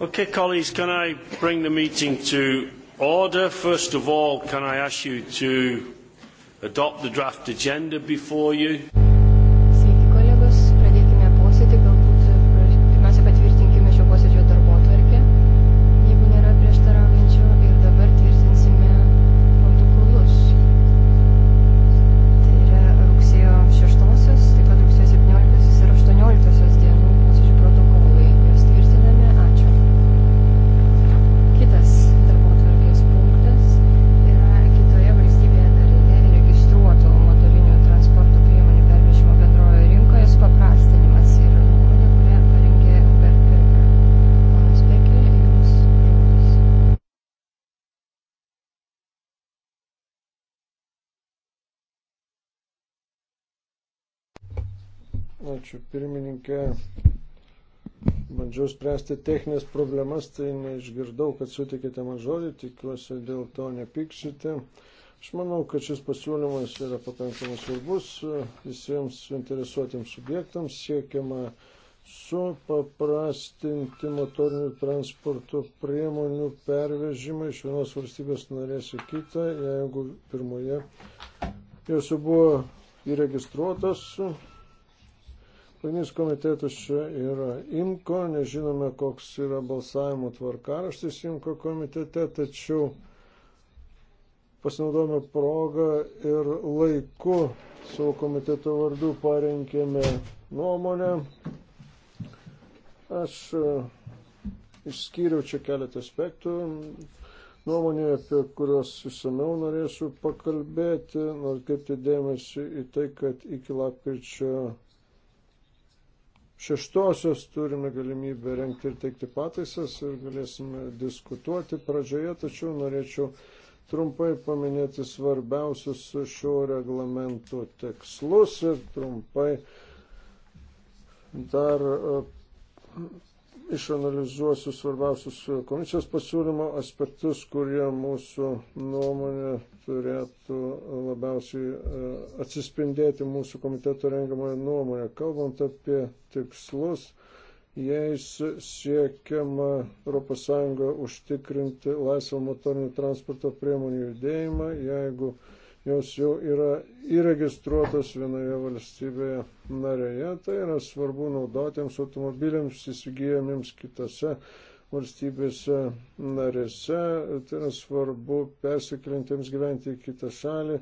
Okay, colleagues, can I bring the meeting to order? First of all, can I ask you to adopt the draft agenda before you? Ačiū pirmininkė. Bandžiau spręsti techninės problemas, tai neišgirdau, kad sutikite man žodį, tikiuosi dėl to nepiksite. Aš manau, kad šis pasiūlymas yra pakankamai svarbus e, visiems suinteresuotiems subjektams siekiama supaprastinti motorinių transporto priemonių pervežimą iš vienos valstybės narės į kitą, jeigu pirmoje jos jau buvo įregistruotos Pagrindinis komitetas čia yra IMKO, nežinome, koks yra balsavimo tvarkaraštis IMKO komitete, tačiau pasinaudojame progą ir laiku savo komiteto vardu parinkėme nuomonę. Aš e, išskyriau čia keletą aspektų nuomonė, apie kuriuos išsameu norėsiu pakalbėti, nors kaip tai dėmesį į tai, kad iki lapkričio šeštosios turime galimybę renkti ir teikti pataisas ir galėsime diskutuoti pradžioje, tačiau norėčiau trumpai paminėti svarbiausius šio reglamento tikslus ir trumpai dar išanalizuosiu svarbiausius komisijos pasiūlymo aspektus, kurie mūsų nuomonė turėtų labiausiai e, atsispindėti mūsų komiteto rengiamoje nuomonė. Kalbant apie tikslus, jais siekiama ES užtikrinti laisvą motorinių transporto priemonių judėjimą, jeigu jos jau yra įregistruotos vienoje valstybėje narėje, tai yra svarbu naudotiems automobiliams įsigijamiems kitose valstybėse narėse, tai yra svarbu persikelintiems gyventi į kitą šalį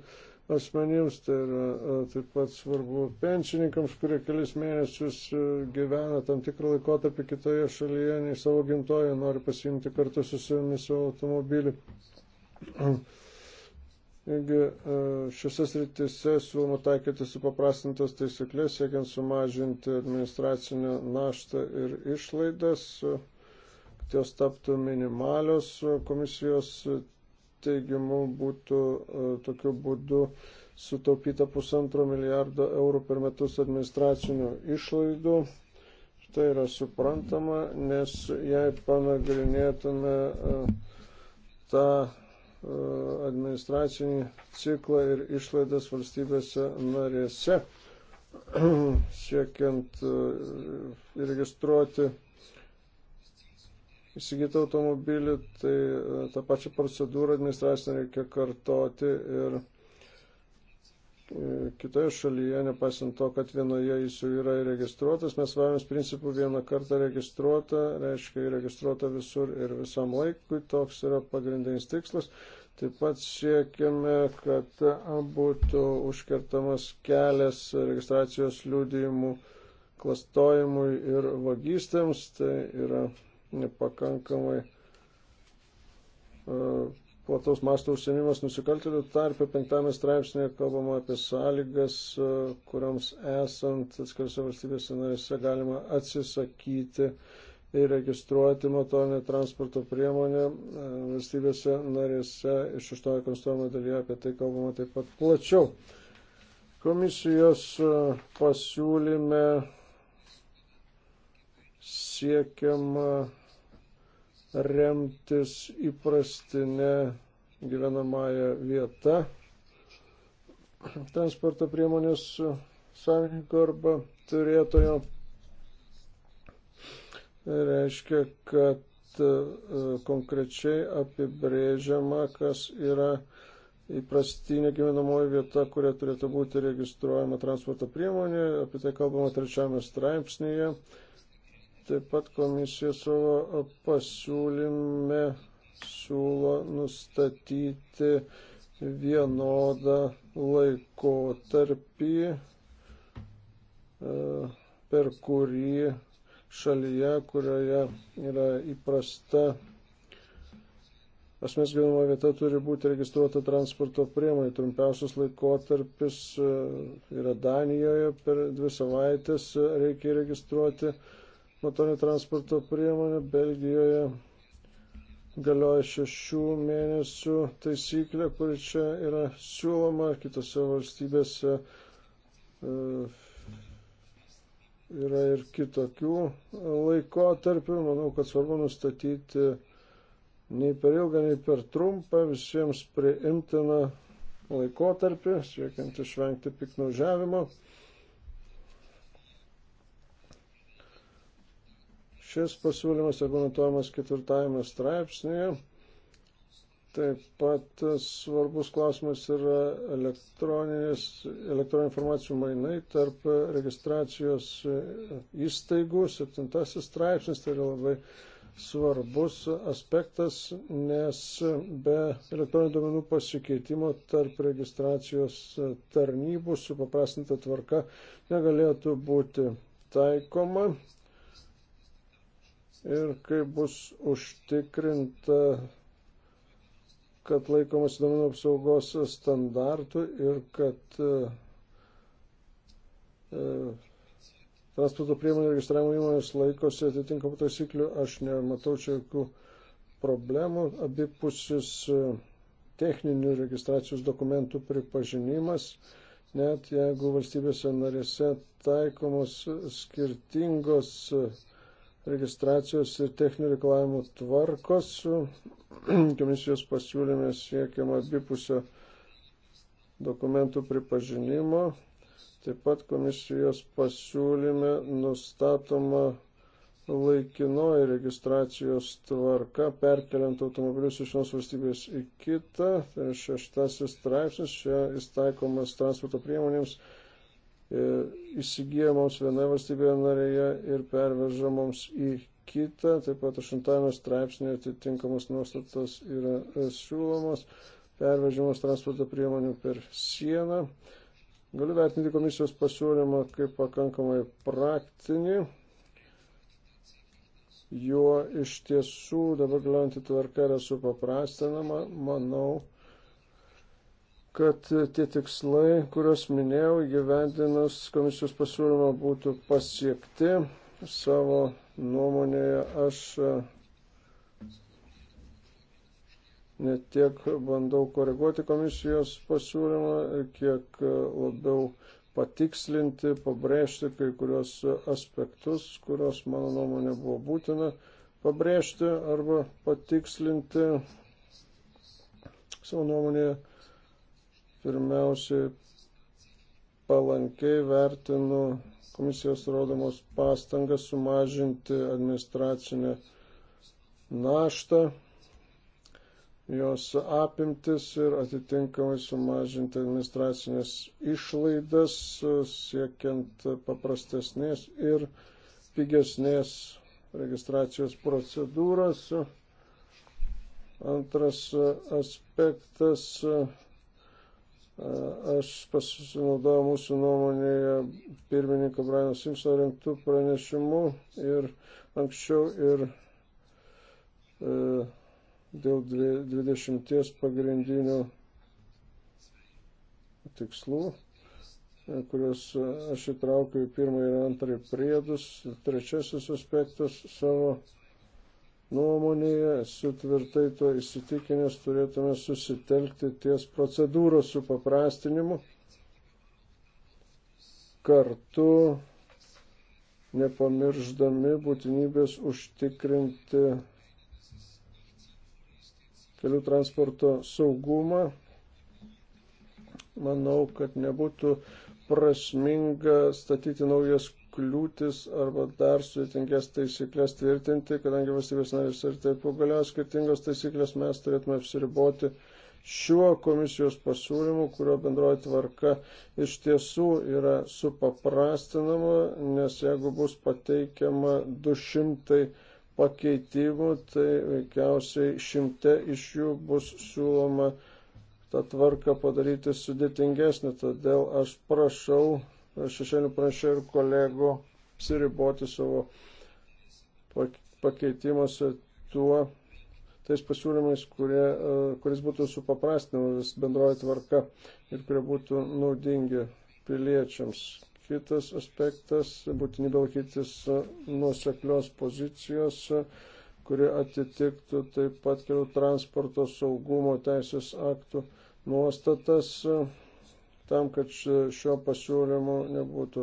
asmenims, tai yra e, taip pat svarbu pensininkams, kurie kelis mėnesius e, gyvena tam tikrą laikotarpį kitoje šalyje nei savo gimtoje, nori pasiimti kartu su savimi savo automobilį. E, Šiuose sritise siūloma taikyti supaprastintas taisyklės, siekiant sumažinti administracinę naštą ir išlaidas, kad jos taptų minimalios. Komisijos teigimu būtų e, tokiu būdu sutaupyta pusantro milijardo eurų per metus administracinių išlaidų. Tai yra suprantama, nes jei panagrinėtume e, tą E, administracinį ciklą ir išlaidas valstybėse narėse, siekiant e, registruoti įsigytą automobilį, tai e, tą pačią procedūrą administracinę reikia kartoti ir kitoje šalyje, nepaisant to, kad vienoje jis jau yra įregistruotas, mes vajomis principų vieną kartą registruota, reiškia įregistruota visur ir visam laikui, toks yra pagrindinis tikslas. Taip pat siekiame, kad būtų užkertamas kelias registracijos liūdėjimų klastojimui ir vagystėms, tai yra nepakankamai uh, plataus masto užsienimas nusikaltėlių tarpe. Penktame straipsnėje kalbama apie sąlygas, e, kuriams esant atskirose valstybėse narėse galima atsisakyti ir registruoti motorinę transporto priemonę e, valstybėse narėse. Iš šeštojo konstruojamo dalyje apie tai kalbama taip pat plačiau. Komisijos e, pasiūlyme siekiama remtis įprastinė gyvenamąją vietą transporto priemonės savininko arba turėtojo. Reiškia, kad e, konkrečiai apibrėžiama, kas yra įprastinė gyvenamoji vieta, kuria turėtų būti registruojama transporto priemonė. Apie tai kalbama trečiame straipsnėje. Taip pat komisija savo pasiūlyme siūlo nustatyti vienodą laikotarpį, e, per kurį šalyje, kurioje yra įprasta asmens gyvenama vieta, turi būti registruota transporto priemonė. Trumpiausias laikotarpis e, yra Danijoje, per dvi savaitės e, reikia registruoti motorinė transporto priemonė. Belgijoje galioja šešių mėnesių taisyklė, kuri čia yra siūloma, kitose valstybėse e, yra ir kitokių laikotarpių. Manau, kad svarbu nustatyti nei per ilgą, nei per trumpą visiems priimtiną laikotarpį, siekiant išvengti piknaužiavimo. Šis pasiūlymas argumentuojamas ketvirtajame straipsnėje. Taip pat svarbus klausimas yra elektroninių informacijų mainai tarp registracijos įstaigų. Septintasis straipsnis tai yra labai svarbus aspektas, nes be elektroninių duomenų pasikeitimo tarp registracijos tarnybų supaprastinta tvarka negalėtų būti taikoma ir kaip bus užtikrinta, kad laikomas duomenų apsaugos standartų ir kad e, transporto priemonių registravimo įmonės laikosi atitinkamų taisyklių, aš nematau čia jokių problemų. Abipusis e, techninių registracijos dokumentų pripažinimas, net jeigu valstybėse narėse taikomos skirtingos registracijos ir techninių reikalavimų tvarkos. Komisijos pasiūlyme siekiama abipusio dokumentų pripažinimo. Taip pat komisijos pasiūlyme nustatoma laikinoji registracijos tvarka, perkeliant automobilius iš vienos valstybės į kitą. Tai šeštasis straipsnis, čia įstaikomas transporto priemonėms E, įsigyjamoms vienoje valstybėje narėje ir pervežamoms į kitą. Taip pat 8 straipsnėje atitinkamos nuostatos yra e, siūlomos pervežimos transporto priemonių per sieną. Galiu vertinti komisijos pasiūlymą kaip pakankamai praktinį. Juo iš tiesų dabar galiojantį tvarką yra supaprastinama, manau, kad tie tikslai, kuriuos minėjau, gyvendinus komisijos pasiūlymą būtų pasiekti. Savo nuomonėje aš e, ne tiek bandau koreguoti komisijos pasiūlymą, kiek e, labiau patikslinti, pabrėžti kai kurios aspektus, kurios mano nuomonė buvo būtina pabrėžti arba patikslinti savo nuomonėje Pirmiausiai palankiai vertinu komisijos rodomos pastangas sumažinti administracinę naštą, jos apimtis ir atitinkamai sumažinti administracinės išlaidas, siekiant paprastesnės ir pigesnės registracijos procedūros. Antras aspektas Aš pasinaudojau mūsų nuomonėje pirmininko Brian Simpson rengtų pranešimų ir anksčiau ir e, dėl 20 pagrindinių tikslų, e, kuriuos aš įtraukiu į pirmą ir antrą priedus. Trečiasis aspektas savo nuomonėje, esu tvirtai tuo įsitikinęs, turėtume susitelkti ties procedūros supaprastinimu kartu nepamirždami būtinybės užtikrinti kelių transporto saugumą. Manau, kad nebūtų prasminga statyti naujas kliūtis arba dar sudėtingės taisyklės tvirtinti, kadangi valstybės narės ir taip galioja skirtingos taisyklės, mes turėtume apsiriboti šiuo komisijos pasiūlymu, kurio bendroji tvarka iš tiesų yra supaprastinama, nes jeigu bus pateikiama 200 pakeitimų, tai veikiausiai šimte iš jų bus siūloma tą tvarką padaryti sudėtingesnį, todėl aš prašau šešėlių pranešėjų ir kolegų apsiriboti savo pakeitimuose tuo, tais pasiūlymais, kurie, e, kuris būtų supaprastinamas bendroji tvarka ir kurie būtų naudingi piliečiams. Kitas aspektas - būtinybė laikytis e, nuoseklios pozicijos, e, kuri atitiktų taip pat kelių transporto saugumo teisės aktų nuostatas tam, kad šio pasiūlymo nebūtų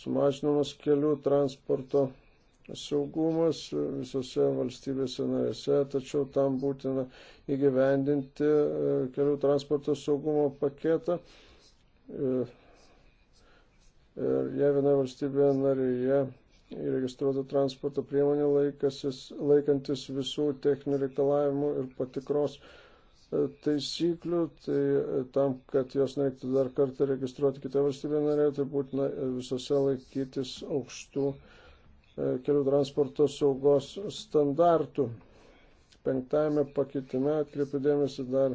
sumažinamas kelių transporto saugumas visose valstybėse narėse, tačiau tam būtina įgyvendinti e, kelių transporto saugumo paketą. E, ir jei vienoje valstybėje narėje įregistruota transporto priemonė laikantis visų techninių reikalavimų ir patikros taisyklių, tai e, tam, kad jos nereiktų dar kartą registruoti kitą valstybę narę, tai būtina e, visose laikytis aukštų e, kelių transporto saugos standartų. Penktame pakeitime atkreipiu dėmesį dar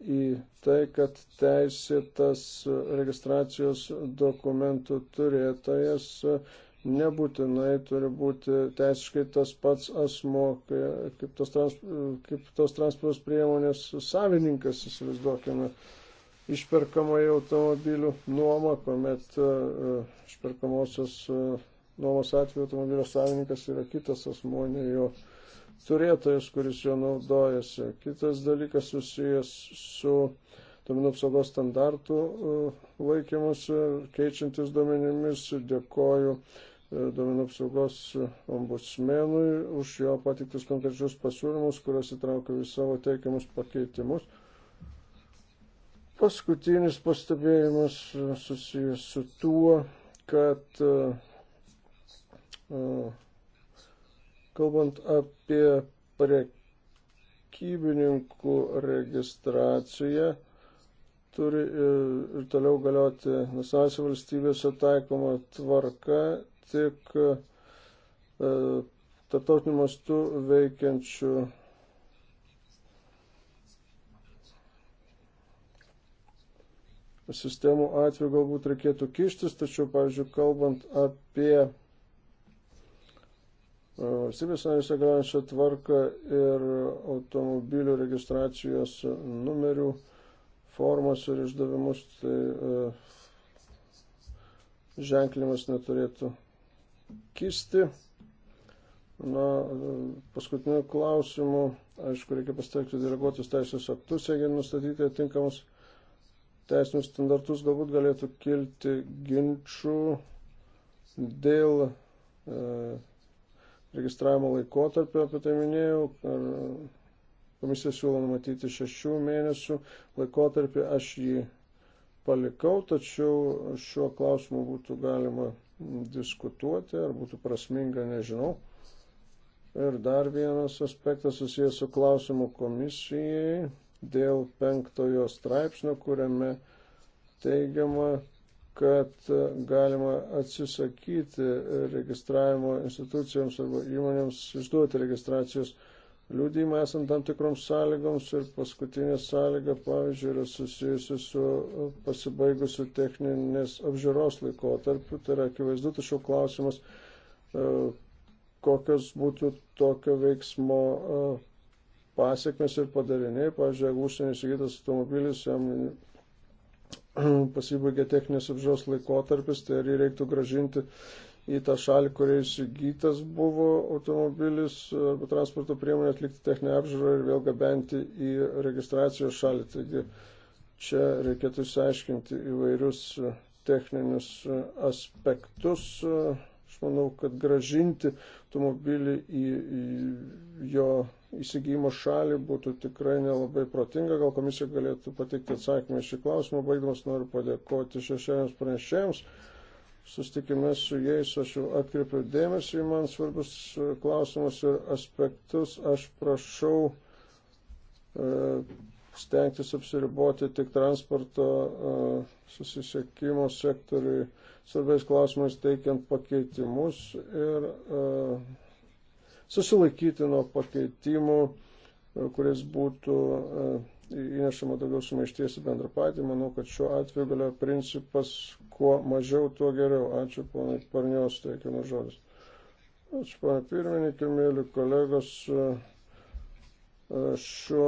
į tai, kad teisėtas registracijos dokumentų turėtojas tai nebūtinai turi būti teisiškai tas pats asmo, kaip tos, trans, kaip tos transportos priemonės savininkas, įsivaizduokime, išperkamai automobilių nuoma, kuomet e, išperkamosios e, nuomos atveju automobilio savininkas yra kitas asmo, ne jo turėtojas, kuris jo naudojasi. Kitas dalykas susijęs su duomenų apsaugos standartų e, laikymuose, keičiantis duomenimis, dėkoju E, duomenų apsaugos ombudsmenui už jo patiktus konkrečius pasiūlymus, kuriuos įtraukiau į savo teikiamus pakeitimus. Paskutinis pastebėjimas susijęs su tuo, kad e, e, kalbant apie prekybininkų registraciją, turi ir toliau galioti nacionalinėse valstybėse taikoma tvarka tik e, tarptautiniu mastu veikiančių sistemų atveju galbūt reikėtų kištis, tačiau, pavyzdžiui, kalbant apie e, valstybės narėse galiojančią tvarką ir automobilių registracijos numerių formas ir išdavimus, tai e, ženklimas neturėtų kisti. Na, paskutiniu klausimu, aišku, reikia pasitelkti deleguotus teisės aktus, jeigu nustatyti atinkamus teisinius standartus, galbūt galėtų kilti ginčių dėl e, registravimo laikotarpio, apie tai minėjau, ar komisija siūlo numatyti šešių mėnesių laikotarpį, aš jį palikau, tačiau šiuo klausimu būtų galima diskutuoti, ar būtų prasminga, nežinau. Ir dar vienas aspektas susijęs su klausimu komisijai dėl penktojo straipsnio, kuriame teigiama, kad galima atsisakyti registravimo institucijoms arba įmonėms išduoti registracijos liūdimą esant tam tikroms sąlygoms ir paskutinė sąlyga, pavyzdžiui, yra susijusi su uh, pasibaigusiu techninės apžiūros laikotarpiu, tai yra akivaizdu, tačiau klausimas, uh, kokios būtų tokio veiksmo uh, pasiekmes ir padariniai, pavyzdžiui, jeigu užsienį įsigytas automobilis, jam pasibaigė techninės apžiūros laikotarpis, tai ar jį reiktų gražinti į tą šalį, kuriai įsigytas buvo automobilis arba transporto priemonė atlikti techninę apžiūrą ir vėl gabenti į registracijos šalį. Taigi čia reikėtų išsiaiškinti įvairius techninius aspektus. Aš manau, kad gražinti automobilį į, į jo įsigijimo šalį būtų tikrai nelabai protinga. Gal komisija galėtų pateikti atsakymą šį klausimą. Baigdamas noriu padėkoti šešiems pranešėjams. Še sustikime su jais, aš jau atkreipiu dėmesį į man svarbus e, klausimus ir aspektus. Aš prašau e, stengtis apsiriboti tik transporto e, susisiekimo sektoriui svarbiais klausimais teikiant pakeitimus ir susilaikyti nuo pakeitimų, kuris būtų įnešama daugiau sumaišties į bendrą patį. Manau, kad šiuo atveju galioja principas, kuo mažiau, tuo geriau. Ačiū ponai Parnios teikiamas žodis. Ačiū ponai pirmininkai, mėly kolegos. Šiuo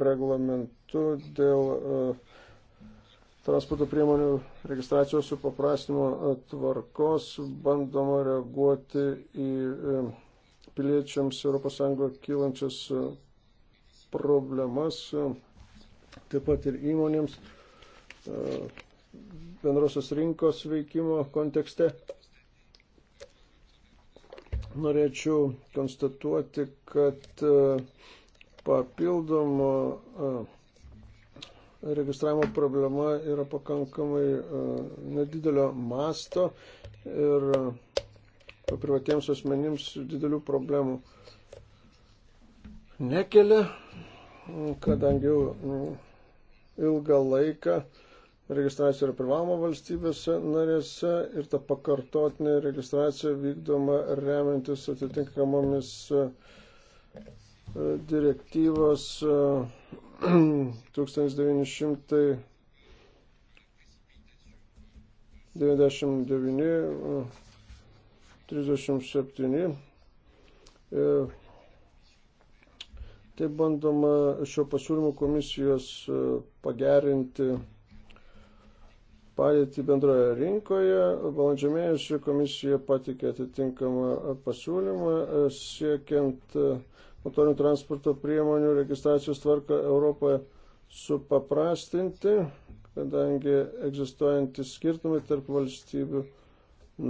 reglamentu dėl e, transporto priemonių registracijos supaprastinimo e, tvarkos bandoma reaguoti į e, piliečiams ES kylančias problemas, taip pat ir įmonėms e, bendrosios rinkos veikimo kontekste. Norėčiau konstatuoti, kad e, papildomo e, registravimo problema yra pakankamai nedidelio masto ir privatiems asmenims didelių problemų nekelia kadangi mm, ilgą laiką registracija yra privaloma valstybėse narėse ir ta pakartotinė registracija vykdoma remiantis atitinkamomis e, direktyvos 1999 e, 37 Tai bandoma šio pasiūlymo komisijos e, pagerinti padėtį bendroje rinkoje. Balandžio mėnesį komisija patikė atitinkamą pasiūlymą e, siekiant e, motorinių transporto priemonių registracijos tvarką Europoje supaprastinti, kadangi egzistuojantis skirtumai tarp valstybių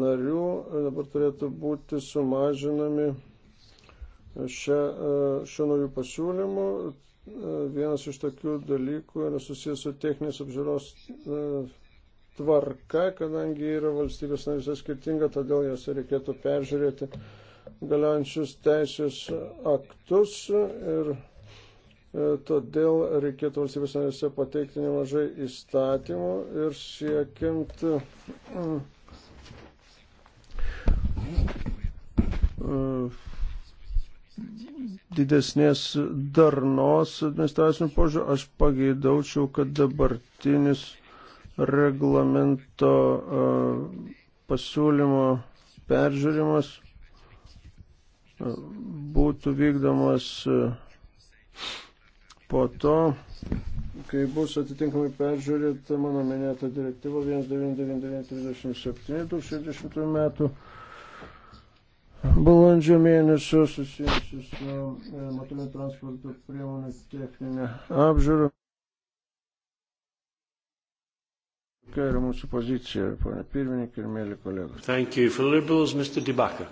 narių dabar turėtų būti sumažinami šia, e, šio naujų pasiūlymų. E, vienas iš tokių dalykų yra susijęs su techninės apžiūros e, tvarka, kadangi yra valstybės narėse skirtinga, todėl jas reikėtų peržiūrėti galiojančius teisės aktus ir todėl reikėtų valstybės narėse pateikti nemažai įstatymų ir siekiant uh, uh, didesnės darnos administracinių požiūrį, aš pageidaučiau, kad dabartinis reglamento e, pasiūlymo peržiūrimas e, būtų vykdomas e, po to, kai bus atitinkamai peržiūrėta mano minėta direktyva 1999-37-2020 metų balandžio mėnesio susijusiu su e, motorinio transporto priemonė techninė apžiūra. Kokia yra mūsų pozicija, ponė pirmininkė ir mėly kolegos? Thank you for liberals, Mr. Dibaka.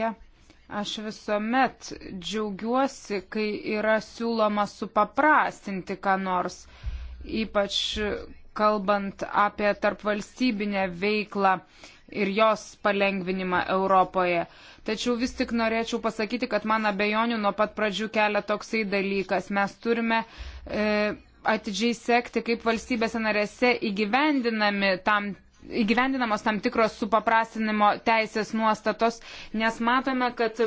pirmininkė. Aš visuomet džiaugiuosi, kai yra siūloma supaprastinti ką nors, ypač kalbant apie tarpvalstybinę veiklą ir jos palengvinimą Europoje. Tačiau vis tik norėčiau pasakyti, kad man abejonių nuo pat pradžių kelia toksai dalykas. Mes turime. E, atidžiai sekti, kaip valstybėse narėse įgyvendinami tam įgyvendinamos tam tikros supaprastinimo teisės nuostatos, nes matome, kad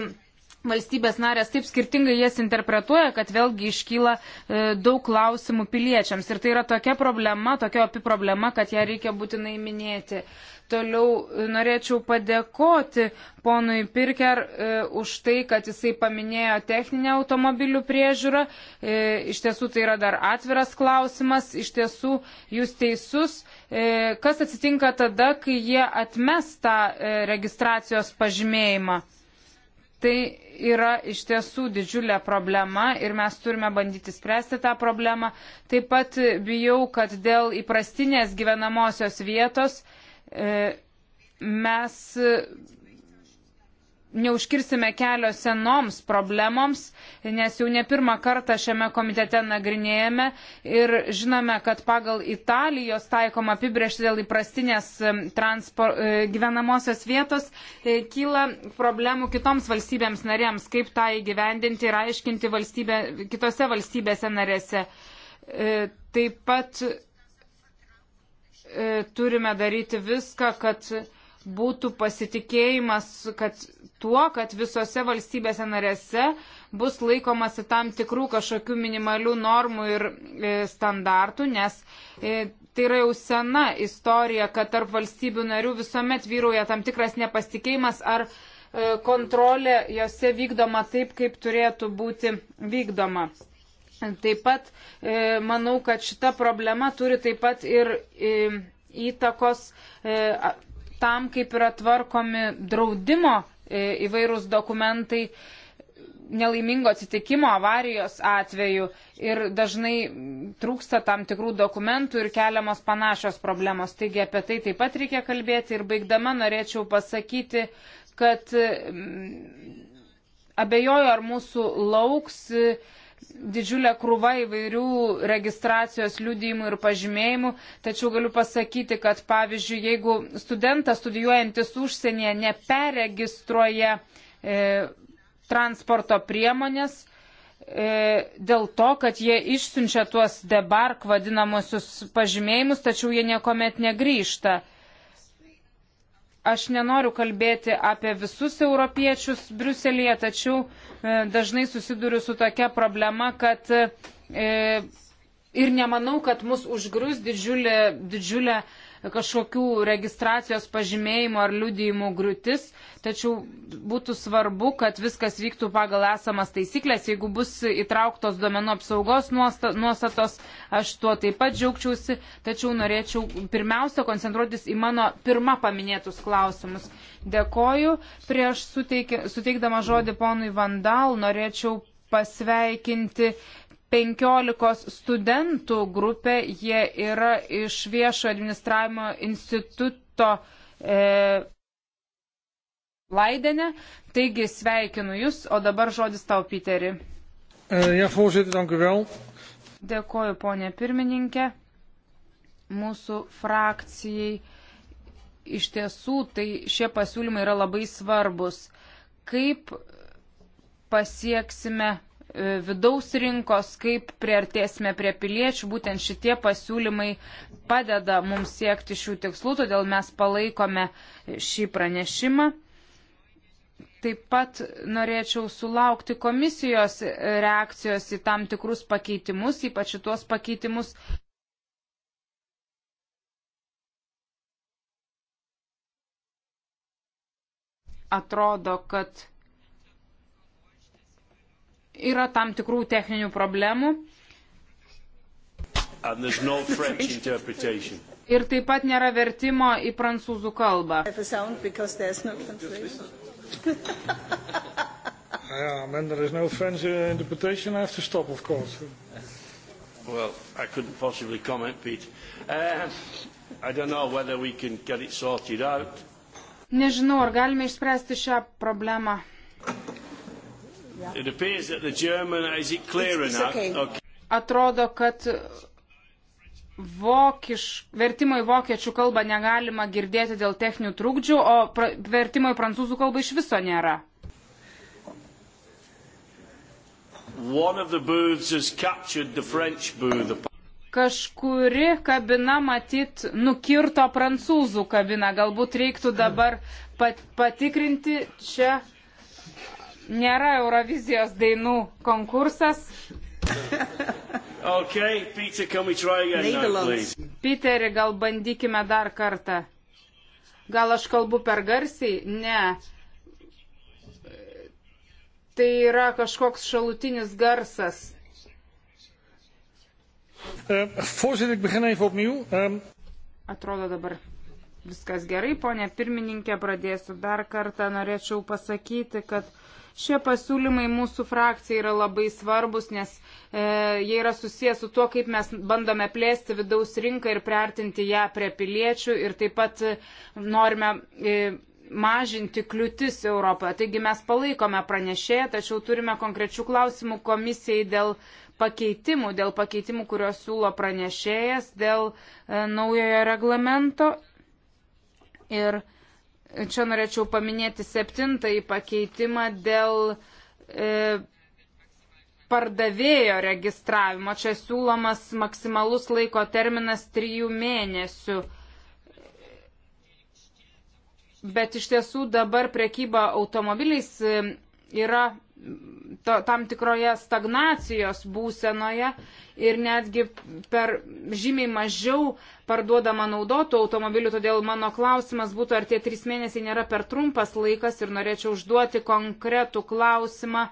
valstybės narės taip skirtingai jas interpretuoja, kad vėlgi iškyla e, daug klausimų piliečiams. Ir tai yra tokia problema, tokia opi problema, kad ją reikia būtinai minėti. Toliau e, norėčiau padėkoti ponui Pirker e, už tai, kad jisai paminėjo techninę automobilių priežiūrą. E, iš tiesų tai yra dar atviras klausimas. Iš tiesų jūs teisus. E, kas atsitinka tada, kai jie atmes tą e, registracijos pažymėjimą? E, Tai yra iš tiesų didžiulė problema ir mes turime bandyti spręsti tą problemą. Taip pat bijau, kad dėl įprastinės gyvenamosios vietos e, mes neužkirsime kelio senoms problemoms, nes jau ne pirmą kartą šiame komitete nagrinėjame ir žinome, kad pagal Italijos taikomą apibrėžtį dėl įprastinės transpor, e, gyvenamosios vietos e, kyla problemų kitoms valstybėms narėms, kaip tą įgyvendinti ir aiškinti valstybė, kitose valstybėse narėse. E, taip pat turime daryti viską, kad būtų pasitikėjimas kad tuo, kad visose valstybėse narėse bus laikomasi tam tikrų kažkokių minimalių normų ir e, standartų, nes e, tai yra jau sena istorija, kad tarp valstybių narių visuomet vyrauja tam tikras nepasitikėjimas ar e, kontrolė jose vykdoma taip, kaip turėtų būti vykdoma. Taip pat manau, kad šita problema turi taip pat ir įtakos tam, kaip yra tvarkomi draudimo e, įvairūs dokumentai nelaimingo atsitikimo avarijos atveju ir dažnai trūksta tam tikrų dokumentų ir keliamos panašios problemos. Taigi apie tai taip pat reikia kalbėti ir baigdama norėčiau pasakyti, kad mm, abejoju, ar mūsų lauks didžiulė krūva įvairių registracijos liudijimų ir pažymėjimų, tačiau galiu pasakyti, kad pavyzdžiui, jeigu studentas studijuojantis užsienyje neperegistruoja e, transporto priemonės, e, dėl to, kad jie išsiunčia tuos debark vadinamosius pažymėjimus, tačiau jie niekuomet negrįžta. Aš nenoriu kalbėti apie visus europiečius Briuselėje, tačiau e, dažnai susiduriu su tokia problema, kad e, ir nemanau, kad mus užgrūs didžiulė, didžiulė uh, kažkokių registracijos pažymėjimų ar liudijimų griūtis, tačiau būtų svarbu, kad viskas vyktų pagal esamas taisyklės. Jeigu bus įtrauktos duomenų apsaugos nuostatos, aš tuo taip pat džiaugčiausi, tačiau norėčiau pirmiausia koncentruotis į mano pirmą paminėtus klausimus. Dėkoju. Prieš suteik, suteikdama žodį ponui Vandal norėčiau pasveikinti 15 studentų grupė, jie yra iš viešo administravimo instituto e, Laidenė. Taigi sveikinu Jūs, o dabar žodis tau, Piterį. E, ja, voorzitter, dank u wel. Dėkoju, ponė pirmininkė. Mūsų frakcijai iš tiesų tai šie pasiūlymai yra labai svarbus. Kaip pasieksime E, vidaus rinkos, kaip priartėsime prie piliečių, būtent šitie pasiūlymai padeda mums siekti šių tikslų, todėl mes palaikome šį pranešimą. Taip pat norėčiau sulaukti komisijos reakcijos į tam tikrus pakeitimus, ypač tuos pakeitimus. Atrodo, kad yra tam tikrų techninių problemų. No ir taip pat nėra vertimo į prancūzų kalbą. Yeah, when there is no French eh, interpretation, I have to stop, of course. Well, I couldn't possibly comment, Pete. Uh, I don't know whether we can get it sorted out. Nežinau, ar galime išspręsti šią problemą. It appears that the German is it clear it's, it's enough? Okay. okay. Atrodo, kad vokiš, vertimo į vokiečių kalbą negalima girdėti dėl techninių trūkdžių, o pra, vertimo į prancūzų kalbą iš viso nėra. Kažkuri kabina matyt nukirto prancūzų kabiną. Galbūt reiktų dabar pat, patikrinti čia nėra Eurovizijos dainų konkursas. okay, Peter, can we try again now, please? Piteri, gal bandykime dar kartą. Gal aš kalbu per garsiai? Ne. Tai yra kažkoks šalutinis garsas. Uh, voorzitter, ik begin even opnieuw. Um... Atrodo dabar viskas gerai, ponė pirmininkė, pradėsiu dar kartą. Norėčiau pasakyti, kad Šie pasiūlymai mūsų frakcija yra labai svarbus, nes e, jie yra susijęs su tuo, kaip mes bandome plėsti vidaus rinką ir priartinti ją prie piliečių ir taip pat e, norime. E, mažinti kliūtis Europoje. Taigi mes palaikome pranešėją, tačiau turime konkrečių klausimų komisijai dėl pakeitimų, dėl pakeitimų, kuriuos siūlo pranešėjas, dėl e, naujojo reglamento. Ir e, Čia norėčiau paminėti septintąjį pakeitimą dėl e, pardavėjo registravimo. Čia siūlomas maksimalus laiko terminas trijų mėnesių. Bet iš tiesų dabar prekyba automobiliais e, yra to, tam tikroje stagnacijos būsenoje ir netgi per žymiai mažiau parduodama naudotų automobilių, todėl mano klausimas būtų, ar tie trys mėnesiai nėra per trumpas laikas ir norėčiau užduoti konkretų klausimą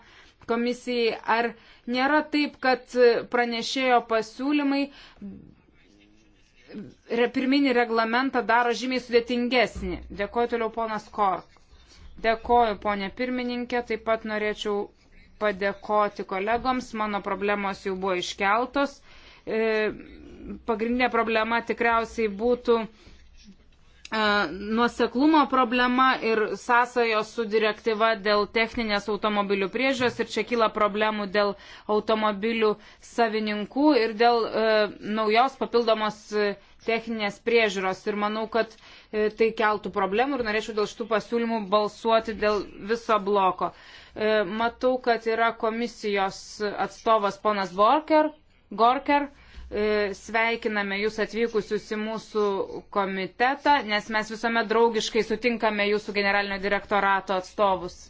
komisijai, ar nėra taip, kad pranešėjo pasiūlymai pirminį reglamentą daro žymiai sudėtingesnį. Dėkuoju toliau ponas Kork. Dėkoju, ponė pirmininkė, taip pat norėčiau padėkoti kolegoms, mano problemos jau buvo iškeltos. E, pagrindinė problema tikriausiai būtų e, nuoseklumo problema ir sąsajos su direktyva dėl techninės automobilių priežios ir čia kyla problemų dėl automobilių savininkų ir dėl e, naujos papildomos e, techninės priežiūros ir manau, kad e, tai keltų problemų ir norėčiau dėl šitų pasiūlymų balsuoti dėl viso bloko. E, matau, kad yra komisijos atstovas ponas Borker, Gorker. E, sveikiname jūs atvykusius į mūsų komitetą, nes mes visuomet draugiškai sutinkame jūsų generalinio direktorato atstovus.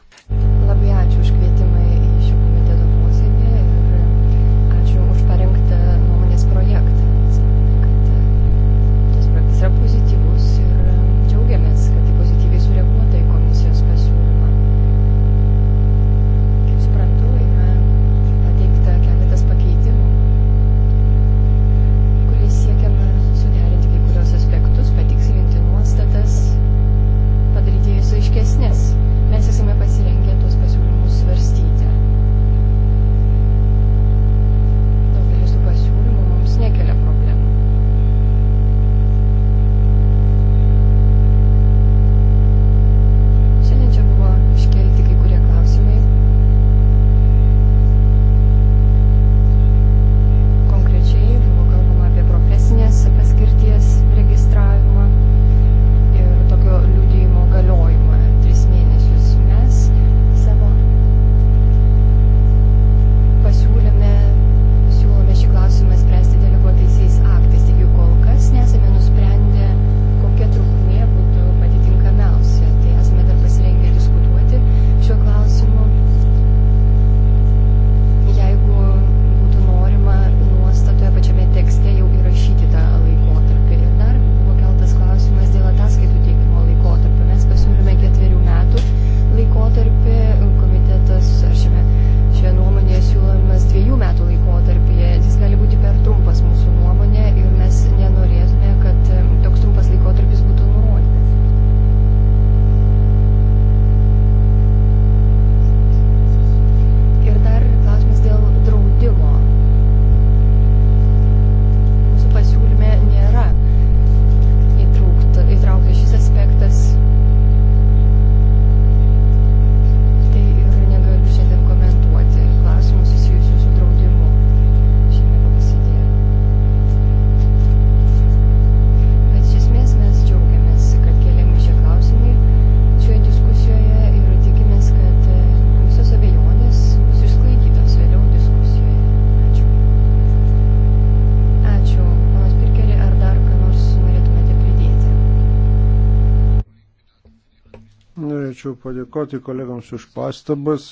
padėkoti kolegams už pastabas.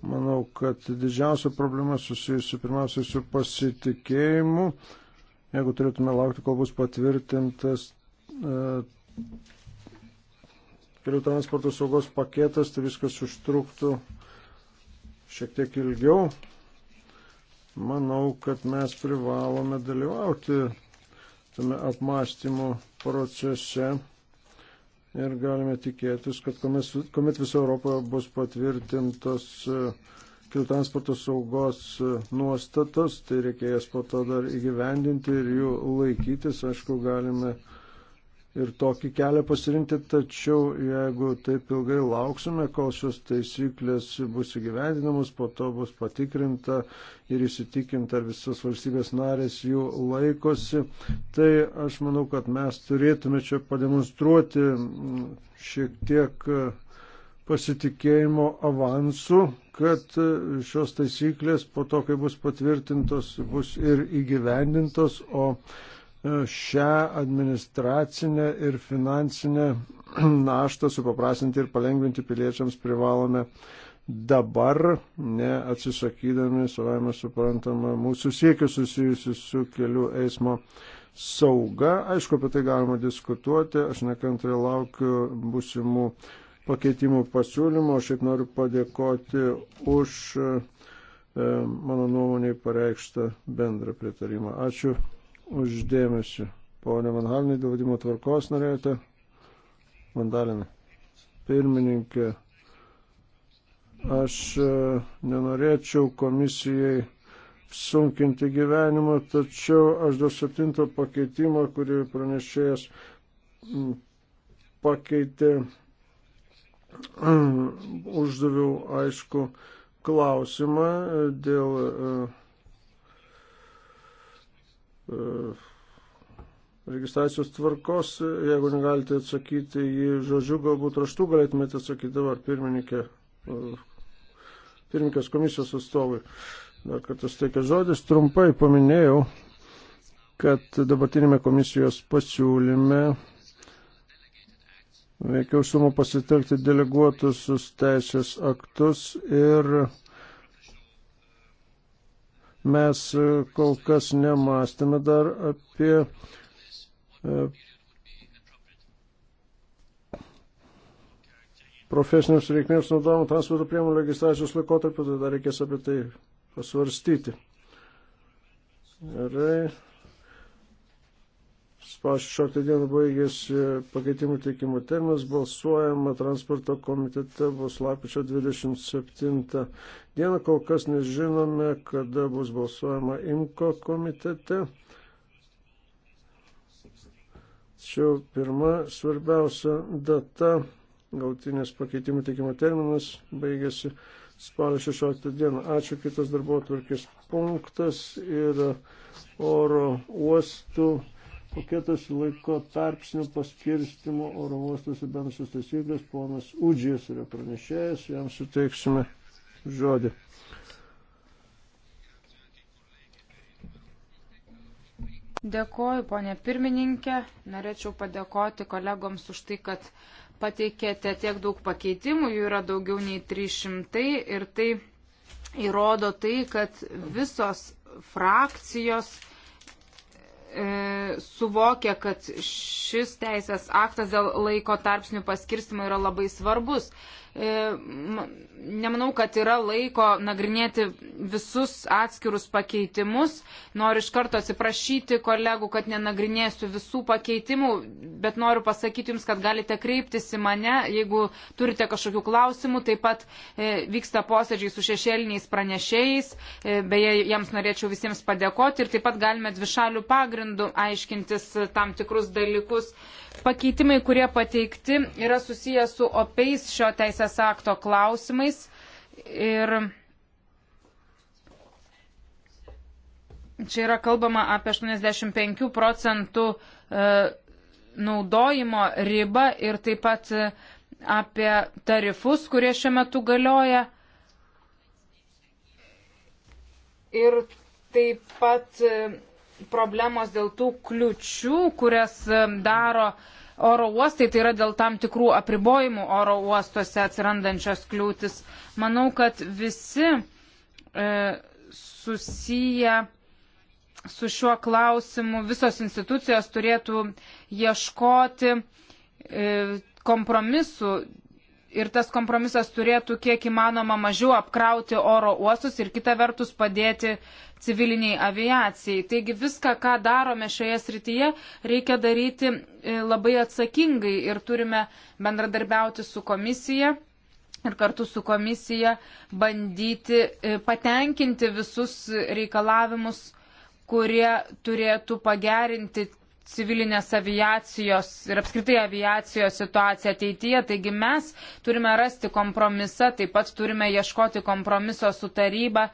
Manau, kad didžiausia problema susijusi pirmiausiai su pasitikėjimu. Jeigu turėtume laukti, kol bus patvirtintas e, kelių transporto saugos paketas, tai viskas užtruktų šiek tiek ilgiau. Manau, kad mes privalome dalyvauti tame apmąstymo procese ir galime tikėtis, kad kuomet viso Europoje bus patvirtintos e, kelių transporto saugos e, nuostatos, tai reikės po to dar įgyvendinti ir jų laikytis. Aišku, galime uh, ir tokį kelią pasirinkti, tačiau jeigu taip ilgai lauksime, kol šios taisyklės bus įgyvendinamos, po to bus patikrinta ir įsitikinta, ar visos valstybės narės jų laikosi, tai aš manau, kad mes turėtume čia pademonstruoti šiek tiek pasitikėjimo avansų, kad šios taisyklės po to, kai bus patvirtintos, bus ir įgyvendintos, o šią administracinę ir finansinę naštą supaprasinti ir palengvinti piliečiams privalome dabar, neatsisakydami savame suprantama mūsų siekių susijusių su kelių eismo sauga. Aišku, apie tai galima diskutuoti, aš nekantrai laukiu būsimų pakeitimų pasiūlymų, aš šiaip noriu padėkoti už e, mano nuomonėje pareikštą bendrą pritarimą. Ačiū uždėmesi. Pone Manhalinai, dėl vadimo tvarkos norėjote? Mandalinai. Pirmininkė, aš e, nenorėčiau komisijai sunkinti gyvenimą, tačiau aš dėl septinto pakeitimo, kurį pranešėjas pakeitė, uždaviau aišku klausimą e, dėl e, E, registracijos tvarkos, jeigu negalite atsakyti į žodžių, galbūt raštų galėtumėte atsakyti dabar pirmininkė, e, pirmininkės komisijos atstovai. Dar kartą steikia žodis, trumpai paminėjau, kad dabartinėme komisijos pasiūlyme veikiau sumo pasitelkti deleguotus teisės aktus ir Mes e, kol kas nemastėme dar apie e, profesiniams reikmėms naudojimo transporto priemonių registracijos laikotarpiu, tai dar reikės apie tai pasvarstyti. Gerai. Spalio 16 dieną baigėsi pakeitimų teikimo terminas, balsuojama transporto komitete bus lapkričio 27 dieną, kol kas nežinome, kada bus balsuojama IMKO komitete. Tačiau pirma svarbiausia data, gautinės pakeitimų teikimo terminas baigėsi spalio 16 dieną. Ačiū, kitas darbo tvarkės punktas ir oro uostų paketas laiko tarpsnių paskirstimo oro uostuose bendrusios taisyklės, ponas Udžijas yra pranešėjas, jam suteiksime žodį. Dėkoju, ponė pirmininkė. Norėčiau padėkoti kolegoms už tai, kad pateikėte tiek daug pakeitimų, jų yra daugiau nei 300 ir tai įrodo tai, kad visos frakcijos E, suvokia, kad šis teisės aktas dėl laiko tarpsnių paskirstimo yra labai svarbus. E, nemanau, kad yra laiko nagrinėti visus atskirus pakeitimus. Noriu iš karto atsiprašyti kolegų, kad nenagrinėsiu visų pakeitimų, bet noriu pasakyti Jums, kad galite kreiptis į mane, jeigu turite kažkokių klausimų. Taip pat e, vyksta posėdžiai su šešėliniais pranešėjais. Beje, jiems norėčiau visiems padėkoti ir taip pat galime dvišalių pagrindų pagrindu aiškintis tam tikrus dalykus. Pakeitimai, kurie pateikti, yra susijęs su opiais šio teisės akto klausimais. Ir čia yra kalbama apie 85 procentų e, naudojimo ribą ir taip pat e, apie tarifus, kurie šiuo metu galioja. Ir taip pat e, problemos dėl tų kliučių, kurias daro oro uostai, tai yra dėl tam tikrų apribojimų oro uostuose atsirandančios kliūtis. Manau, kad visi e, susiję su šiuo klausimu, visos institucijos turėtų ieškoti e, kompromisų ir tas kompromisas turėtų kiek įmanoma mažiau apkrauti oro uostus ir kita vertus padėti civiliniai aviacijai. Taigi viską, ką darome šioje srityje, reikia daryti e, labai atsakingai ir turime bendradarbiauti su komisija. Ir kartu su komisija bandyti e, patenkinti visus reikalavimus, kurie turėtų pagerinti civilinės aviacijos ir apskritai aviacijos situacija ateityje. Taigi mes turime rasti kompromisą, taip pat turime ieškoti kompromiso su taryba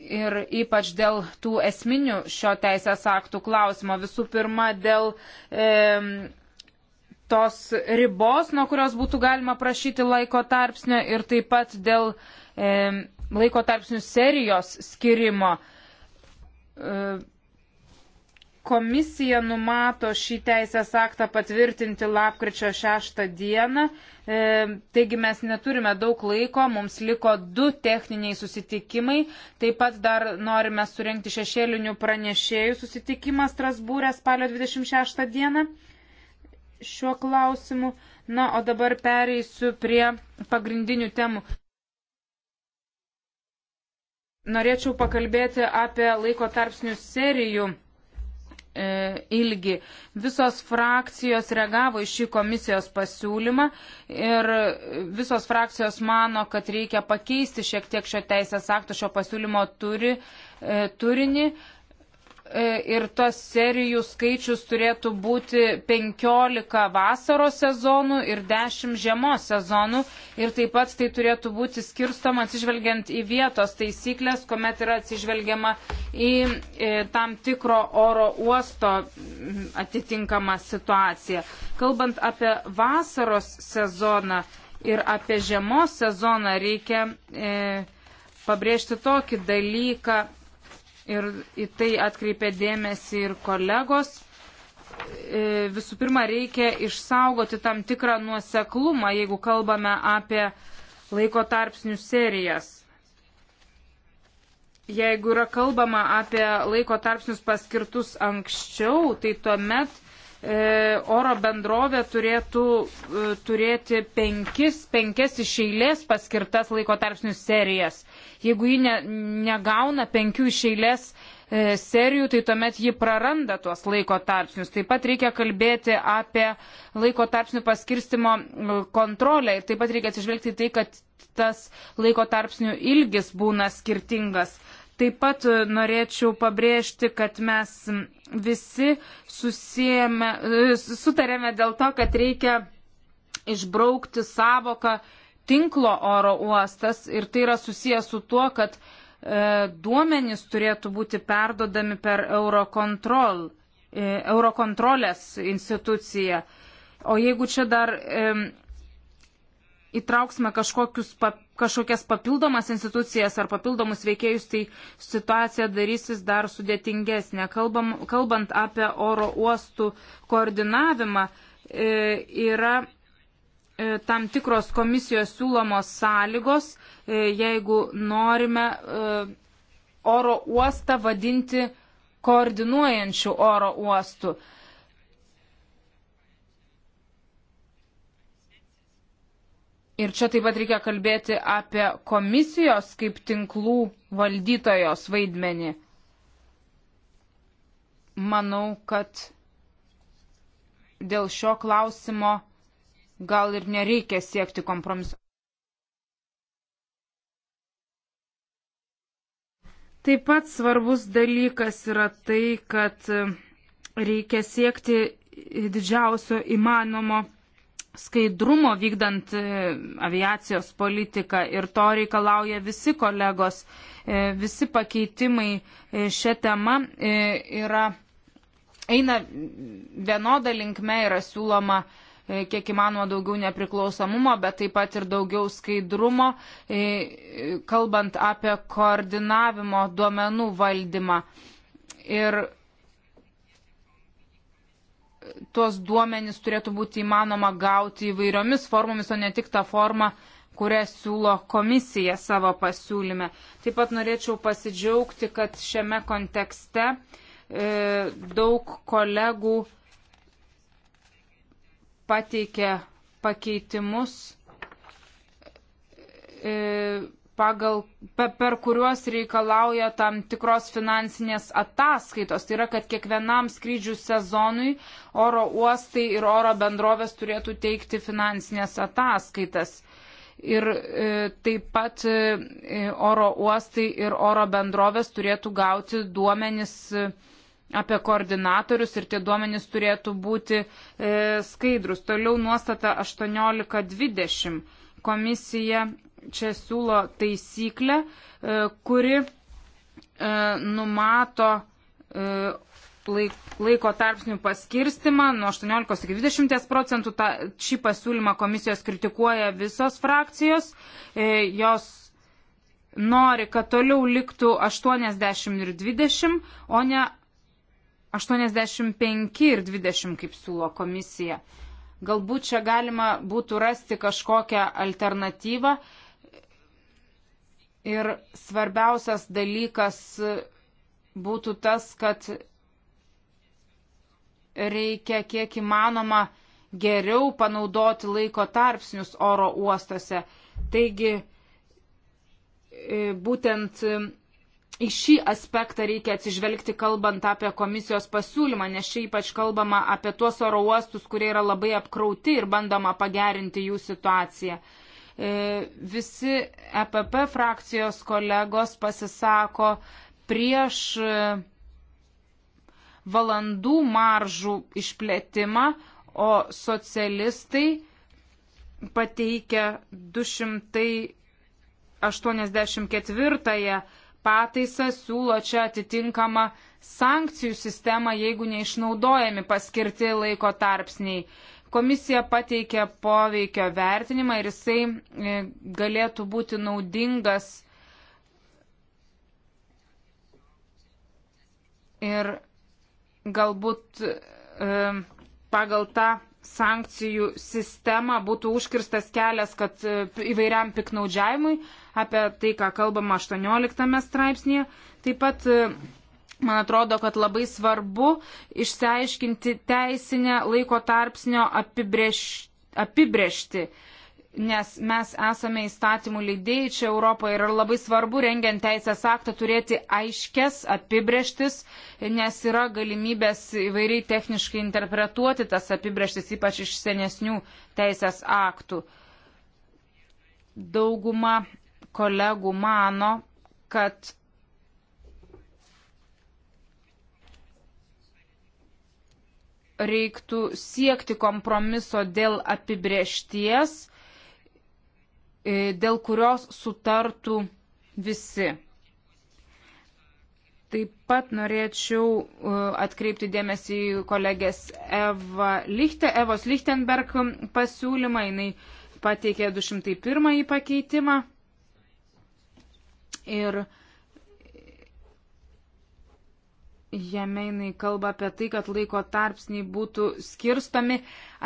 ir ypač dėl tų esminių šio teisės aktų klausimo. Visų pirma, dėl. E, tos ribos, nuo kurios būtų galima prašyti laiko tarpsnio ir taip pat dėl e, laiko tarpsnių serijos skirimo. E, Komisija numato šį teisės aktą patvirtinti lapkričio 6 dieną, e, taigi mes neturime daug laiko, mums liko du techniniai susitikimai, taip pat dar norime surenkti šešėlinių pranešėjų susitikimą Strasbūrė spalio 26 dieną šiuo klausimu. Na, o dabar pereisiu prie pagrindinių temų. Norėčiau pakalbėti apie laiko tarpsnių serijų E, ilgį. Visos frakcijos reagavo į šį komisijos pasiūlymą ir visos frakcijos mano, kad reikia pakeisti šiek tiek šio teisės akto, šio pasiūlymo turi, e, turinį. E, ir tas serijų skaičius turėtų būti 15 vasaros sezonų ir 10 žiemos sezonų. Ir taip pat tai turėtų būti skirstoma atsižvelgiant į vietos taisyklės, kuomet yra atsižvelgiama į e, tam tikro oro uosto atitinkamą situaciją. Kalbant apie vasaros sezoną ir apie žiemos sezoną, reikia e, pabrėžti tokį dalyką, ir į tai atkreipė dėmesį ir kolegos. E, visų pirma, reikia išsaugoti tam tikrą nuoseklumą, jeigu kalbame apie laiko tarpsnių serijas. Jeigu yra kalbama apie laiko tarpsnius paskirtus anksčiau, tai tuomet E, oro bendrovė turėtų e, turėti penkis, penkias iš eilės paskirtas laiko tarpsnių serijas. Jeigu ji ne, negauna penkių iš eilės e, serijų, tai tuomet ji praranda tuos laiko tarpsnius. Taip pat reikia kalbėti apie laiko tarpsnių paskirstimo kontrolę ir taip pat reikia atsižvelgti tai, kad tas laiko tarpsnių ilgis būna skirtingas. Taip pat norėčiau pabrėžti, kad mes visi susijame, sutarėme dėl to, kad reikia išbraukti savoką tinklo oro uostas ir tai yra susijęs su tuo, kad e, duomenys turėtų būti perdodami per Eurocontrol, e, Eurocontrolės instituciją. O jeigu čia dar e, įtrauksime kažkokius papildomus kažkokias papildomas institucijas ar papildomus veikėjus, tai situacija darysis dar sudėtingesnė. Kalbam, kalbant apie oro uostų koordinavimą, e, yra e, tam tikros komisijos siūlomos sąlygos, e, jeigu norime e, oro uostą vadinti koordinuojančių oro uostų. Ir čia taip pat reikia kalbėti apie komisijos kaip tinklų valdytojos vaidmenį. Manau, kad dėl šio klausimo gal ir nereikia siekti kompromiso. Taip pat svarbus dalykas yra tai, kad reikia siekti didžiausio įmanomo skaidrumo vykdant e, aviacijos politiką ir to reikalauja visi kolegos, e, visi pakeitimai e, šią temą yra, eina vienodą linkmę, yra siūloma kiek įmanoma daugiau nepriklausomumo, bet taip pat ir daugiau skaidrumo, kalbant apie koordinavimo duomenų valdymą. Ir tuos duomenys turėtų būti įmanoma gauti įvairiomis formomis, o ne tik tą formą, kurią siūlo komisija savo pasiūlyme. Taip pat norėčiau pasidžiaugti, kad šiame kontekste e, daug kolegų pateikė pakeitimus. E, pagal, per kuriuos reikalauja tam tikros finansinės ataskaitos. Tai yra, kad kiekvienam skrydžių sezonui oro uostai ir oro bendrovės turėtų teikti finansinės ataskaitas. Ir e, taip pat e, e oro uostai ir oro bendrovės turėtų gauti duomenis e, apie koordinatorius ir tie duomenys turėtų būti e, skaidrus. Toliau nuostata 1820 komisija čia siūlo taisyklę, e, kuri e, numato e, laiko tarpsnių paskirstimą nuo 18 iki 20 procentų. Ta, šį pasiūlymą komisijos kritikuoja visos frakcijos. Jos nori, kad toliau liktų 80 ir 20, o ne 85 ir 20, kaip siūlo komisija. Galbūt čia galima būtų rasti kažkokią alternatyvą, Ir svarbiausias dalykas būtų tas, kad reikia kiek įmanoma geriau panaudoti laiko tarpsnius oro uostose. Taigi, e, būtent e, į šį aspektą reikia atsižvelgti, kalbant apie komisijos pasiūlymą, nes čia ypač kalbama apie tuos oro uostus, kurie yra labai apkrauti ir bandoma pagerinti jų situaciją. E, visi EPP frakcijos kolegos pasisako prieš e, valandų maržų išplėtimą, o socialistai pateikia 284 pataisą, siūlo čia atitinkamą sankcijų sistemą, jeigu neišnaudojami paskirti laiko tarpsniai. Komisija pateikė poveikio vertinimą ir jisai e, galėtų būti naudingas ir galbūt e, pagal tą sankcijų sistemą būtų užkirstas kelias, kad e, įvairiam piknaudžiavimui, apie tai, ką kalbama 18 straipsnėje. Taip pat Man atrodo, kad labai svarbu išsiaiškinti teisinę laiko tarpsnio apibrėž... apibrėžti, nes mes esame įstatymų leidėjai čia Europoje ir labai svarbu rengiant teisės aktą turėti aiškes apibrėžtis, nes yra galimybės įvairiai techniškai interpretuoti tas apibrėžtis, ypač iš senesnių teisės aktų. Dauguma kolegų mano, kad reiktų siekti kompromiso dėl apibriešties, e, dėl kurios sutartų visi. Taip pat norėčiau e, atkreipti dėmesį į kolegės Eva Lichte, Evos Lichtenberg pasiūlymą. Jis pateikė 201 pakeitimą. Ir uh, Jame jinai kalba apie tai, kad laiko tarpsniai būtų skirstomi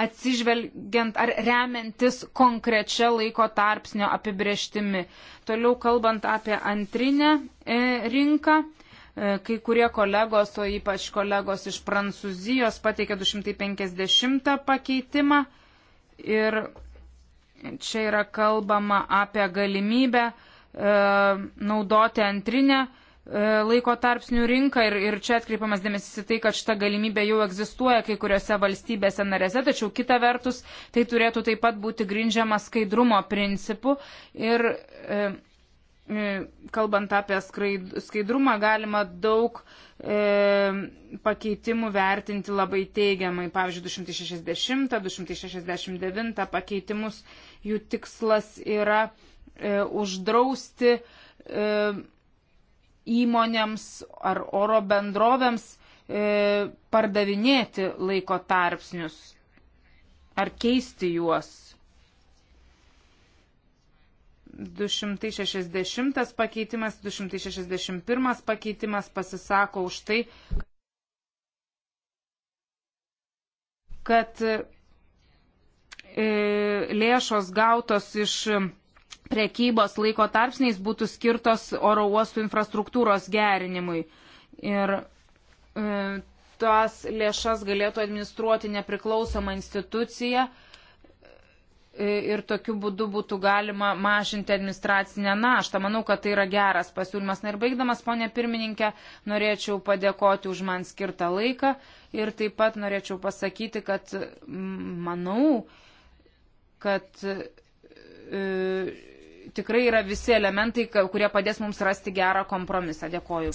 atsižvelgiant ar remiantis konkrečia laiko tarpsnio apibrieštimi. Toliau kalbant apie antrinę e, rinką, e, kai kurie kolegos, o ypač kolegos iš Prancūzijos, pateikė 250 pakeitimą ir čia yra kalbama apie galimybę e, naudoti antrinę rinką E, laiko tarpsnių rinką ir, ir čia atkreipiamas dėmesys į tai, kad šita galimybė jau egzistuoja kai kuriuose valstybėse narėse, tačiau kita vertus tai turėtų taip pat būti grindžiama skaidrumo principu ir e, e, kalbant apie skraid, skaidrumą galima daug e, pakeitimų vertinti labai teigiamai, pavyzdžiui, 260, 269 pakeitimus, jų tikslas yra e, uždrausti e, įmonėms ar oro bendrovėms e, pardavinėti laiko tarpsnius ar keisti juos. 260 pakeitimas, 261 pakeitimas pasisako už tai, kad e, lėšos gautos iš prekybos laiko tarpsniais būtų skirtos oro uostų infrastruktūros gerinimui. Ir e, tas lėšas galėtų administruoti nepriklausoma institucija e, ir tokiu būdu būtų galima mažinti administracinę naštą. Manau, kad tai yra geras pasiūlymas. Na ir baigdamas, ponė pirmininkė, norėčiau padėkoti už man skirtą laiką ir taip pat norėčiau pasakyti, kad manau, kad e, tikrai yra visi elementai, kurie padės mums rasti gerą kompromisą. Dėkoju.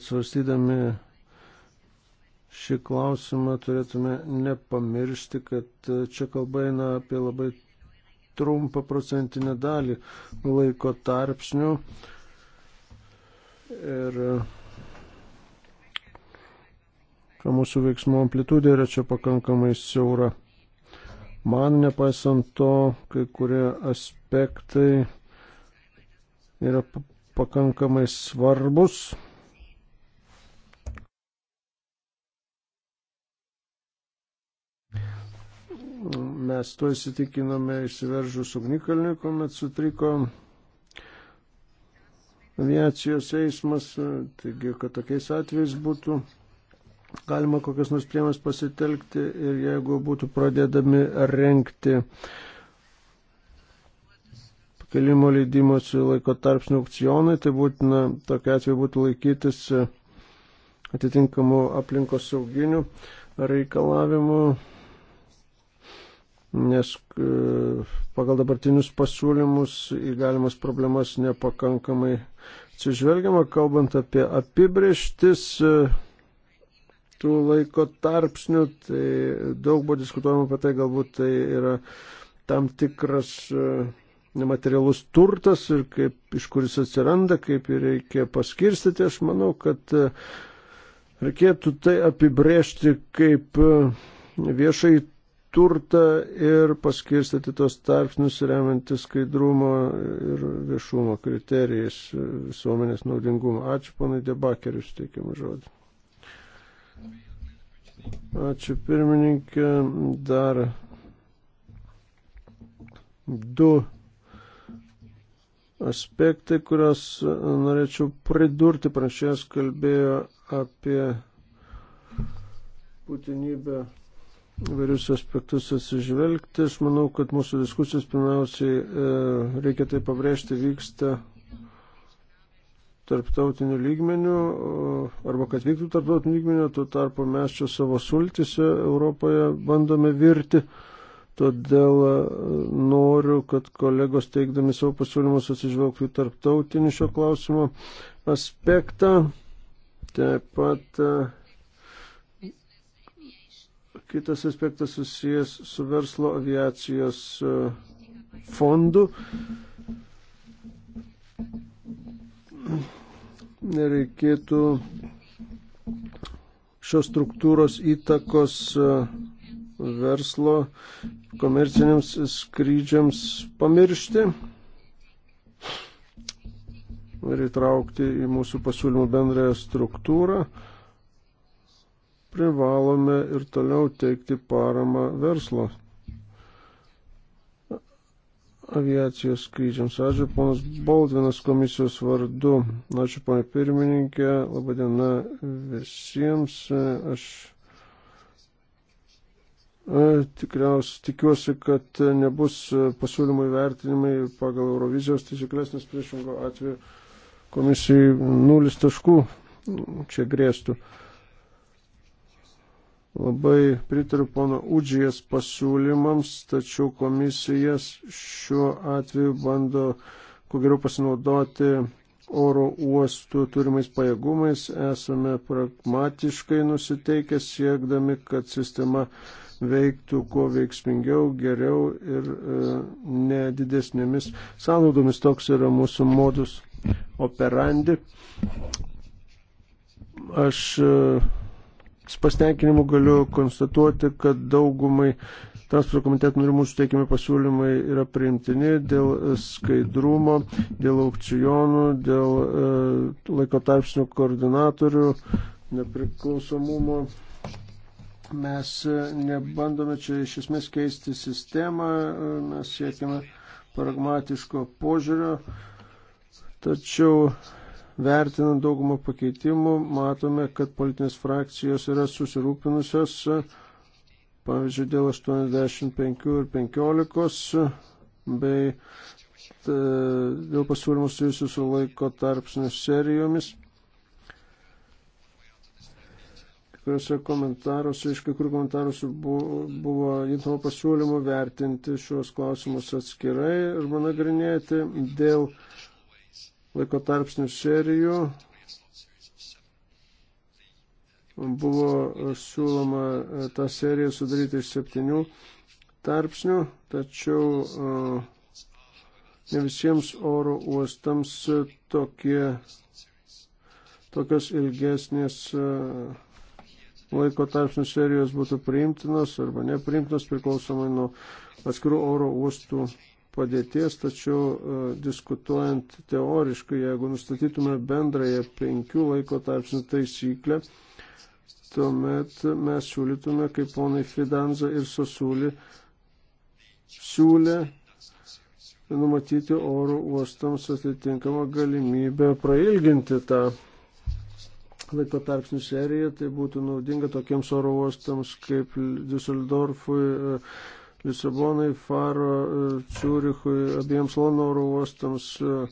kad svarstydami šį klausimą turėtume nepamiršti, kad čia kalba eina apie labai trumpą procentinę dalį laiko tarpsnių. Ir mūsų veiksmų amplitudė yra čia pakankamai siaura. Man nepaisant to, kai kurie aspektai yra pakankamai svarbus Mes to įsitikinome išsiveržus ugnikalniui, kuomet sutriko aviacijos eismas, taigi, kad tokiais atvejais būtų galima kokias nors priemas pasitelkti ir jeigu būtų pradedami renkti kelimo leidimosi laiko tarpsnių aukcionai, tai būtina tokia atveju būtų laikytis atitinkamų aplinkos sauginių reikalavimų nes e, pagal dabartinius pasiūlymus į galimas problemas nepakankamai atsižvelgiama, kalbant apie apibrieštis e, tų laiko tarpsnių, tai daug buvo diskutuojama apie tai, galbūt tai yra tam tikras e, nematerialus turtas ir kaip, iš kuris atsiranda, kaip jį reikia paskirstyti, aš manau, kad reikėtų tai apibrėžti kaip viešai turtą ir paskirstyti tos tarpsnius remiantis skaidrumo ir viešumo kriterijais visuomenės naudingumo. Ačiū panai Debakerius, teikiam žodį. Ačiū pirmininkė. Dar du aspektai, kuriuos norėčiau pridurti. Pranešėjas kalbėjo apie būtinybę vairius aspektus atsižvelgti. Aš manau, kad mūsų diskusijos pirmiausiai, e, reikia tai pabrėžti, vyksta tarptautiniu lygmeniu, arba kad vyktų tarptautiniu lygmeniu, tuo tarpu mes čia savo sultise Europoje bandome virti. Todėl e, noriu, kad kolegos teikdami savo pasiūlymus atsižvelgtų į tarptautinį šio klausimo aspektą. Taip pat uh, Kitas aspektas susijęs su verslo aviacijos e, fondu. Nereikėtų šios struktūros įtakos e, verslo komerciniams skrydžiams pamiršti ir įtraukti į mūsų pasiūlymų bendrąją struktūrą privalome ir toliau teikti paramą verslo aviacijos skrydžiams. Ačiū ponas Baldvinas komisijos vardu. Ačiū ponė pirmininkė. Labadiena visiems. Aš e, Tikriausiai tikiuosi, kad nebus pasiūlymų įvertinimai pagal Eurovizijos taisyklės, nes priešingo atveju komisijai nulis taškų čia grėstų. Uh, Labai pritariu pono Udžijas pasiūlymams, tačiau komisijas šiuo atveju bando kuo geriau pasinaudoti oro uostų turimais pajėgumais. Esame pragmatiškai nusiteikę siekdami, kad sistema veiktų kuo veiksmingiau, geriau ir e, nedidesnėmis sąnaudomis. Toks yra mūsų modus operandi. Aš e, pasitenkinimu galiu konstatuoti, kad daugumai transporto komitetų narių mūsų teikiami pasiūlymai yra priimtini dėl skaidrumo, dėl aukcijonų, dėl e, laiko tarpsnių koordinatorių, nepriklausomumo. Mes e, nebandome čia iš esmės keisti sistemą, e, mes siekime pragmatiško požiūrio, tačiau Vertinant daugumą pakeitimų, matome, kad politinės frakcijos yra susirūpinusios, pavyzdžiui, dėl 85 ir 15, bei dėl pasiūlymų susijusių su laiko tarpsnių serijomis. kuriuose komentaruose, iš kai kurių komentaruose buvo, buvo įtamo pasiūlymų vertinti šios klausimus atskirai ir managrinėti dėl laiko tarpsnių serijų buvo siūloma e, tą seriją sudaryti iš septynių tarpsnių, tačiau e, ne visiems oro uostams e, tokie, tokios ilgesnės laiko tarpsnių serijos būtų priimtinos arba nepriimtinos priklausomai nuo atskirų oro uostų padėties, tačiau e, diskutuojant teoriškai, jeigu nustatytume bendrąją penkių laiko tarpsnių taisyklę, tuomet mes siūlytume, kaip ponai Fidanza ir Sosūlė, siūlė numatyti oro uostams atitinkamą galimybę prailginti tą laiko tarpsnių seriją, tai būtų naudinga tokiems oro uostams kaip Düsseldorfui, Lisabonai, Faro, e, Ciurichui, abiems Lono oro uostams, e,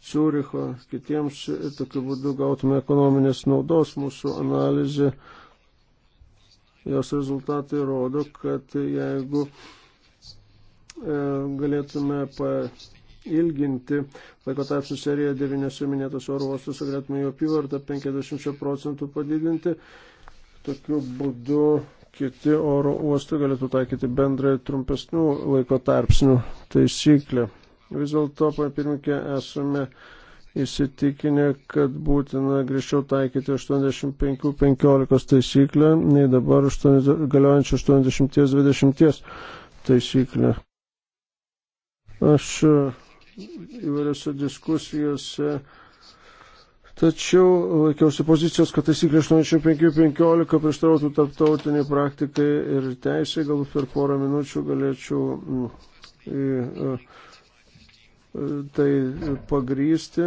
Ciuricho, kitiems ir e, tokiu būdu gautume ekonominės naudos. Mūsų analizė, jos rezultatai rodo, kad jeigu galėtume pailginti laiko tarpsnių seriją devyniose minėtos oro uostose, galėtume jo apyvartą 50 procentų padidinti. Tokiu būdu kiti oro uostai galėtų taikyti bendrai trumpesnių laiko tarpsnių taisyklę. Vis dėlto, pana pirmininkė, esame įsitikinę, kad būtina grįžčiau taikyti 85-15 taisyklę, nei dabar 8, galiojančią 80-20 taisyklę. Aš įvairiose diskusijose uh, Tačiau e, laikiausi pozicijos, kad taisyklė 85.15 prieštarautų tarptautiniai praktikai ir teisė, galbūt per porą minučių galėčiau į, e, e, tai pagrysti.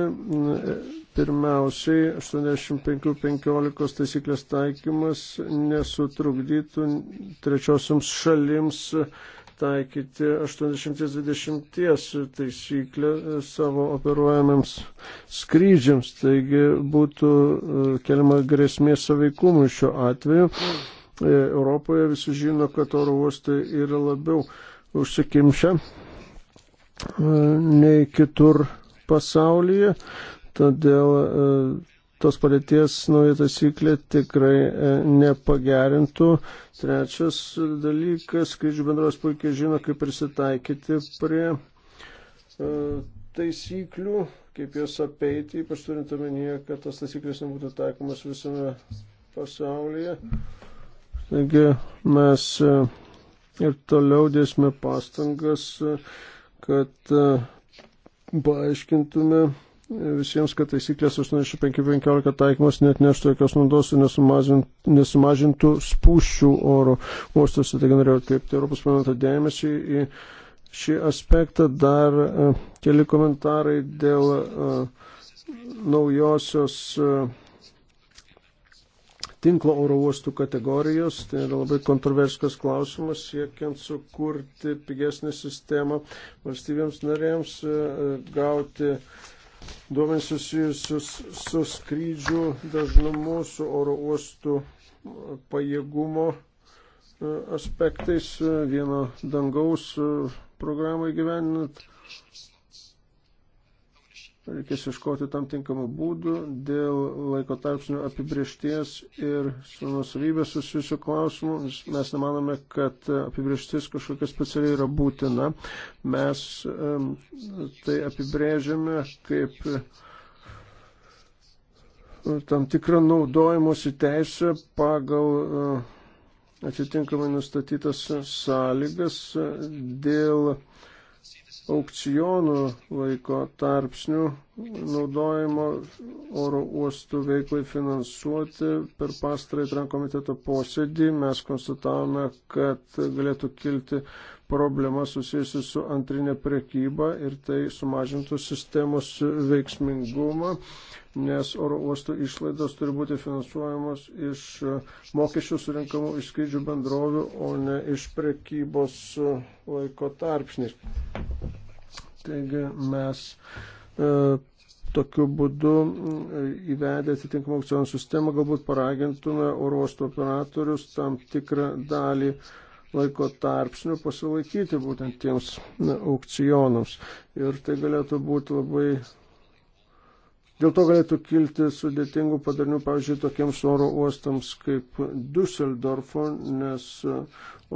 Pirmiausiai, 85.15 taisyklės taikymas nesutrukdytų trečiosiams šalims taikyti 80-20 taisyklę savo operuojamiams skrydžiams. Taigi būtų e, keliama grėsmė saveikumui šiuo atveju. E, Europoje visi žino, kad oro uostai yra labiau užsikimšę e, nei kitur pasaulyje. Todėl tos padėties nauja taisyklė tikrai e, nepagerintų. Trečias dalykas, skrydžių bendrovės puikiai žino, kaip prisitaikyti prie e, taisyklių, kaip jas apeiti, ypač turint omenyje, kad tas taisyklės nebūtų taikomas visame pasaulyje. Taigi mes e, ir toliau dėsime pastangas, kad paaiškintume visiems, kad taisyklės 8515 taikymas net neštų jokios naudos ir nesumažintų, nesumažintų spūščių oro uostuose. Taigi norėjau atkreipti Europos parlamento dėmesį į šį aspektą. Dar e, keli komentarai dėl e, naujosios e, tinklo oro uostų kategorijos. Tai yra labai kontroversiškas klausimas, siekiant sukurti pigesnį sistemą valstybėms narėms, gauti duomenys susijusius su skrydžių dažnumu, su oro uostų pajėgumo e, aspektais, e, vieno dangaus e, programą įgyveninant reikės iškoti tam tinkamų būdų dėl laiko tarpsnių apibriešties ir su nusavybės susijusių klausimų. Mes nemanome, kad apibrieštis kažkokia specialiai yra būtina. Mes um, tai apibrėžiame kaip e, tam tikrą naudojimosi teisę pagal uh, atitinkamai nustatytas sąlygas dėl uh, aukcionų laiko tarpsnių naudojimo oro uostų veiklai finansuoti. Per pastarąjį tran komiteto posėdį mes konstatavome, kad galėtų kilti problema susijusi su antrinė prekyba ir tai sumažintų sistemos veiksmingumą, nes oro uostų išlaidos turi būti finansuojamos iš mokesčių surinkamų iš skrydžių bendrovių, o ne iš prekybos laiko tarpsniais. Taigi mes e, tokiu būdu e, įvedę atitinkamą aukcionų sistemą galbūt paragintume oro uosto operatorius tam tikrą dalį laiko tarpsnių pasilaikyti būtent tiems aukcionams. Ir tai galėtų būti labai. Dėl to galėtų kilti sudėtingų padarinių, pavyzdžiui, tokiems oro uostams kaip Düsseldorfo, nes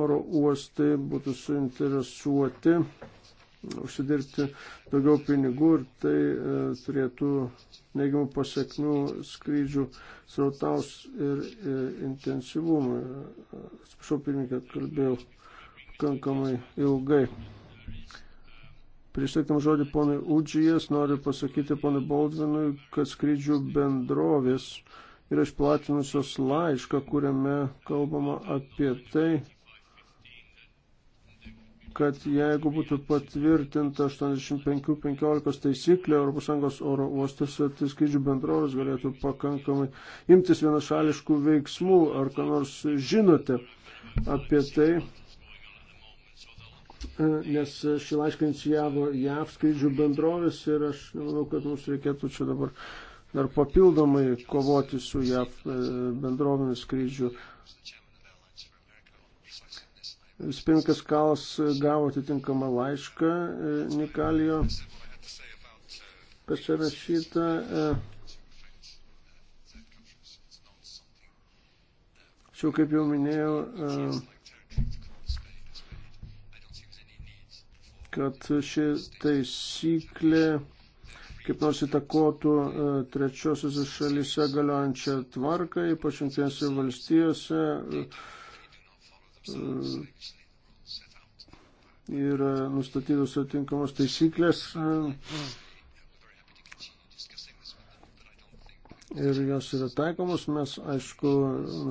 oro uostai būtų suinteresuoti užsidirbti daugiau pinigų ir tai e, turėtų neigiamų pasiekmių skrydžių srautaus ir e, intensyvumui. Atsiprašau, pirmininkė, kalbėjau pakankamai ilgai. Prieš teiktam žodį ponai Udžijas noriu pasakyti ponai Baldvinui, kad skrydžių bendrovės yra išplatinusios laišką, kuriame kalbama apie tai, kad jeigu būtų patvirtinta 85-15 taisyklė ES oro uostose, tai skrydžių bendrovės galėtų pakankamai imtis vienašališkų veiksmų. Ar ką nors žinote apie tai? E, nes šį laišką inicijavo JAV skrydžių bendrovės ir aš manau, kad mums reikėtų čia dabar dar papildomai kovoti su JAV e, bendrovėmis skrydžių Spinkas Kalas gavo atitinkamą laišką e, Nikalijo pasirašytą. E, Šiau kaip jau minėjau, e, kad ši taisyklė kaip nors įtakotų trečiosios šalyse galiojančią tvarką, ypač jungtinėse valstijose, E, yra nustatytos atitinkamos taisyklės e, ir jos yra taikomos. Mes, aišku,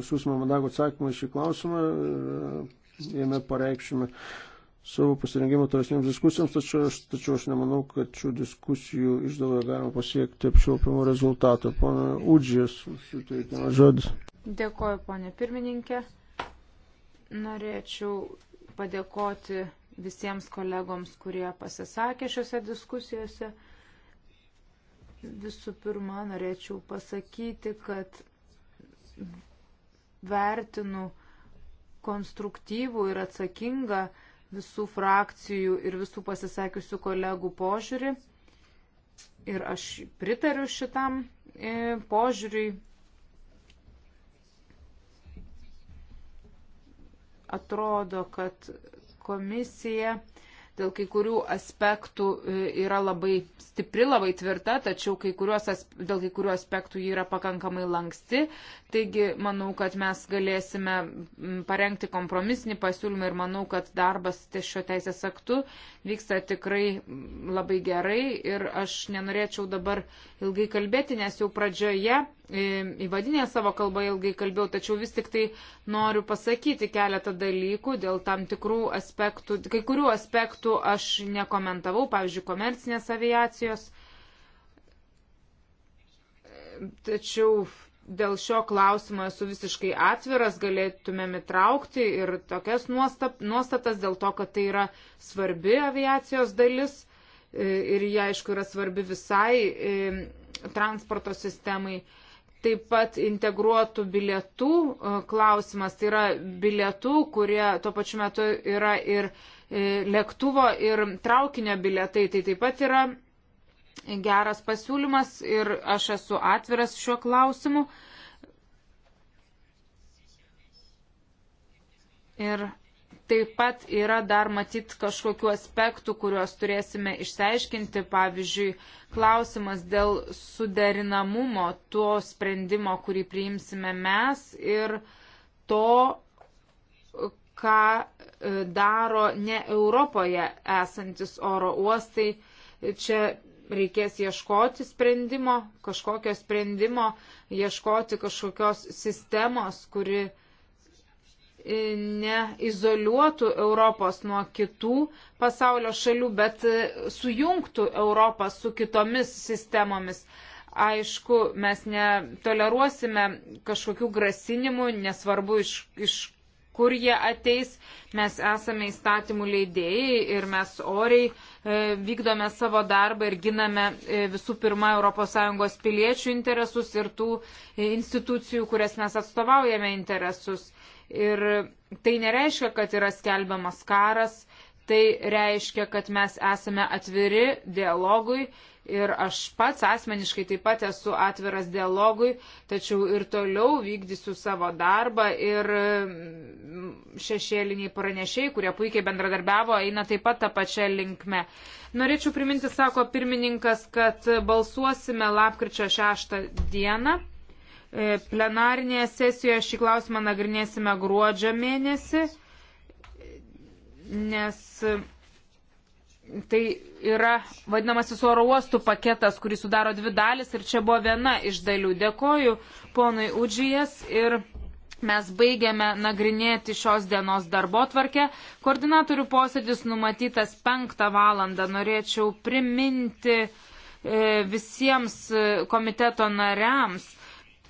nusiusime mandagų atsakymą šį klausimą ir e, jame pareikšime savo pasirengimą tolesnėms diskusijoms, tačiau aš, tačiau aš nemanau, kad šių diskusijų išdavoje galima pasiekti apčiuopimo rezultato. Pana Udžijas, suteikiamas žodis. Dėkoju, ponė pirmininkė. Norėčiau padėkoti visiems kolegoms, kurie pasisakė šiuose diskusijose. Visų pirma, norėčiau pasakyti, kad vertinu konstruktyvų ir atsakingą visų frakcijų ir visų pasisakiusių kolegų požiūrį. Ir aš pritariu šitam e, požiūriui atrodo, kad komisija dėl kai kurių aspektų e, yra labai stipri, labai tvirta, tačiau kai kurios, dėl kai kurių aspektų ji yra pakankamai lanksti. Taigi manau, kad mes galėsime parengti kompromisinį pasiūlymą ir manau, kad darbas ties šio teisės aktu vyksta tikrai labai gerai ir aš nenorėčiau dabar ilgai kalbėti, nes jau pradžioje e, įvadinė savo kalbą ilgai kalbėjau, tačiau vis tik tai noriu pasakyti keletą dalykų dėl tam tikrų aspektų, kai kurių aspektų aspektų aš nekomentavau, pavyzdžiui, komercinės aviacijos. Tačiau dėl šio klausimo esu visiškai atviras, galėtumėm įtraukti ir tokias nuostatas dėl to, kad tai yra svarbi aviacijos dalis e, ir jie aišku yra svarbi visai e, transporto sistemai. Taip pat integruotų bilietų e, klausimas, tai yra bilietų, kurie tuo pačiu metu yra ir E, lėktuvo ir traukinio biletai. Tai taip pat yra geras pasiūlymas ir aš esu atviras šiuo klausimu. Ir taip pat yra dar matyt kažkokiu aspektu, kuriuos turėsime išsiaiškinti, pavyzdžiui, klausimas dėl suderinamumo to sprendimo, kurį priimsime mes ir to ką e, daro ne Europoje esantis oro uostai. Čia reikės ieškoti sprendimo, kažkokio sprendimo, ieškoti kažkokios sistemos, kuri e, neizoliuotų Europos nuo kitų pasaulio šalių, bet e, sujungtų Europą su kitomis sistemomis aišku, mes netoleruosime kažkokių grasinimų, nesvarbu iš, iš kur jie ateis. Mes esame įstatymų leidėjai ir mes oriai e, vykdome savo darbą ir giname e, visų pirma ES piliečių interesus ir tų e, institucijų, kurias mes atstovaujame interesus. Ir tai nereiškia, kad yra skelbiamas karas, tai reiškia, kad mes esame atviri dialogui ir aš pats asmeniškai taip pat esu atviras dialogui, tačiau ir toliau vykdysiu savo darbą ir mm, šešėliniai pranešiai, kurie puikiai bendradarbiavo, eina taip pat tą pačią linkmę. Norėčiau priminti, sako pirmininkas, kad balsuosime lapkričio 6 dieną. E, plenarinėje sesijoje šį klausimą nagrinėsime gruodžio mėnesį, nes Tai yra vadinamasis oro uostų paketas, kurį sudaro dvi dalis ir čia buvo viena iš dalių. Dėkoju ponui Udžijas ir mes baigiame nagrinėti šios dienos darbo tvarkę. Koordinatorių posėdis numatytas penktą valandą. Norėčiau priminti e, visiems e, komiteto nariams,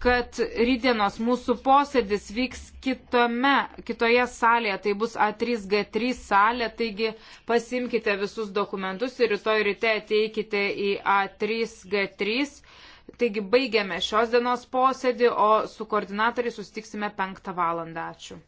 kad rydienos mūsų posėdis vyks kitome, kitoje salėje, tai bus A3G3 salė, taigi pasimkite visus dokumentus ir rytoj ryte ateikite į A3G3. Taigi baigiame šios dienos posėdį, o su koordinatoriai sustiksime penktą valandą. Ačiū.